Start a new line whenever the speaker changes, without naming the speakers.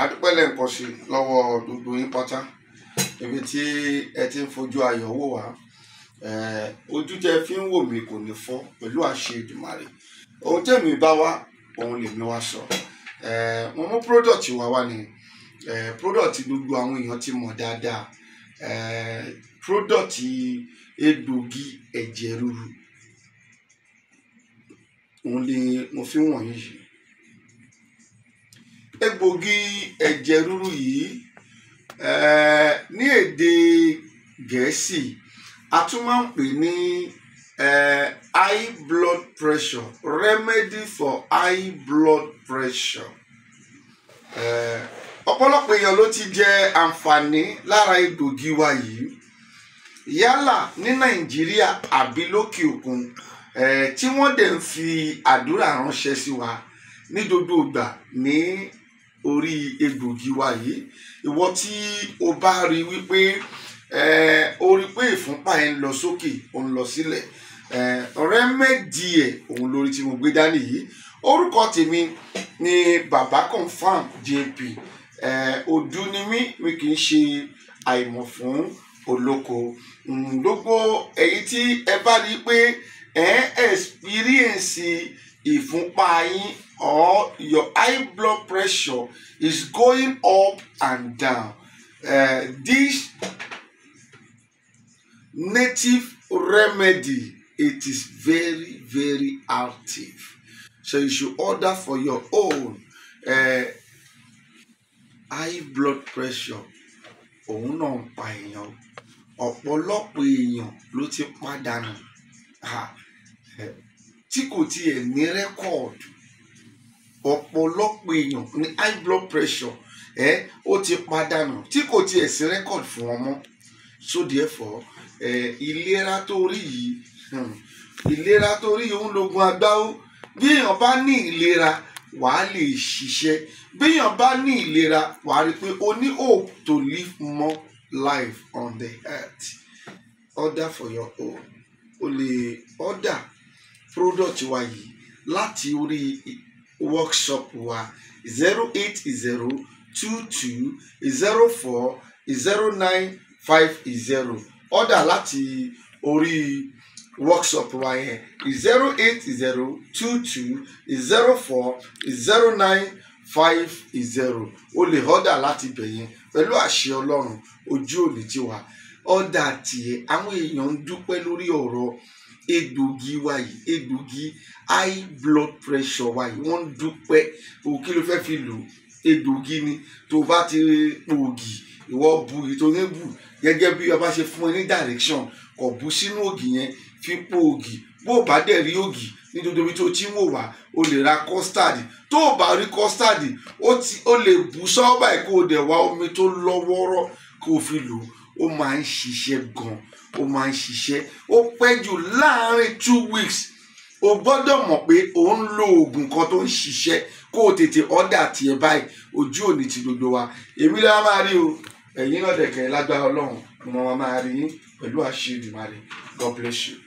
àdúpẹ́ lẹ́ǹkan sí lọ́wọ́ gbogbo yín pátá ibi tí ẹ ti ń fojú ayọ̀ wò wá ojú tẹ fi ń wò mí kò ní fọ́ pẹ̀lú àṣẹ Èdùmàrè ohun tẹ̀mí bá wá òun lèmi wá sọ mo mú product wá wá ni product gbogbo àwọn èèyàn ti mọ̀ dáadáa product egbògi ẹ̀jẹ̀ ríru òun ni mo fi wọ̀nyí yìí egbògi ẹ̀jẹ̀ ríru yìí ní èdè gẹ̀ẹ́sì a tún máa ń pè ní high blood pressure remedy for high blood pressure ọ̀pọ̀lọpọ̀ èèyàn ló ti jẹ àǹfààní lára egbògi wa yìí yálà ní nàìjíríà àbí lókè òkun tí wọ́n dẹ̀ ń fi àdúrà ránṣẹ́ sí wa ní gbogbo ìgbà ní orí egbògi wa yìí ìwọ tí o bá rí wípé o rí pé ìfúnpá ẹ ń lọ sókè ò ń lọ sílẹ̀ ọ̀rẹ́ méjì ẹ̀ òun lórí tí mo gbé dání yìí orúkọ tèmi ni baba confam jp ọdún ni mí mi kì í ṣe àìmọ̀ fún olóko gbogbo èyí tí ẹ bá rí pé ẹ ń experience ìfúnpá yín or your high blood pressure is going up and down uh, this native remedy it is very very active so you should order for your own uh, high blood pressure òun náà ń pa èèyàn ọ̀pọ̀lọpọ̀ èèyàn ló ti pàdánù tí kò tiẹ̀ ní rẹ́kọ̀dù ọ̀pọ̀lọpọ̀ èèyàn ní high blood pressure ẹ ó ti padànù tí kò tiẹ̀ sí rẹ́kọ̀dù fún wọn so therefore ẹ ìlera tó rí yìí hmm, ìlera tó rí òun lògùn agbáwo bí èèyàn bá ní ìlera wàá lè ṣiṣẹ́ bí èèyàn bá ní ìlera wàá rí pé o ní hope to live more life on the earth order for your own o lè order product wa yìí láti orí workshop wa zero eight zero two two zero four zero nine five zero order láti orí workshop wa yẹn zero eight zero two two zero four zero nine five zero o lè order láti bẹ̀yẹn pẹ̀lú àṣẹ ọlọ́run ojú òní tiwa ọ̀dà tiẹ̀ àwọn èèyàn ń dúpẹ́ lórí ọ̀rọ̀ egbògi wa yìí egbògi high blood pressure wa yìí wọ́n ń dúpẹ́ o kí ló fẹ́ fi lò egbògi ni tó bá ti pòògì ìwọ bu ìtòní bù gẹ́gẹ́ bí ọba ṣe fún ẹ ní direction kò bu sínú ògì yẹn fi pòògì bó o bá dẹ̀ rí ògì nítorí omi tó ti ń wò wá o lè ra kọ́stáàdì tó o bá rí kọ́stáàdì o lè bu sọ́ọ́bà ẹ̀ kó o dẹ̀ wá omi tó lọ́ wọ́ọ́rọ́ kó o fi lò ó ó máa ń ṣiṣẹ́ gan ó máa ń ṣiṣẹ́ ó pẹ́ jù láàárín two weeks o gbọ́dọ̀ mọ̀ pé o ń lo oògùn kan tó ń ṣiṣẹ́ kó o tètè ọ́dà tiẹ̀ báyìí ojú òní ti gbogbo wa èmi la máa rí o ẹ̀yin náà dẹ̀kẹ́ lágbára ọlọ́run mo máa máa rí yín pẹ̀lú àṣírí ìdìmọ̀ God bless you.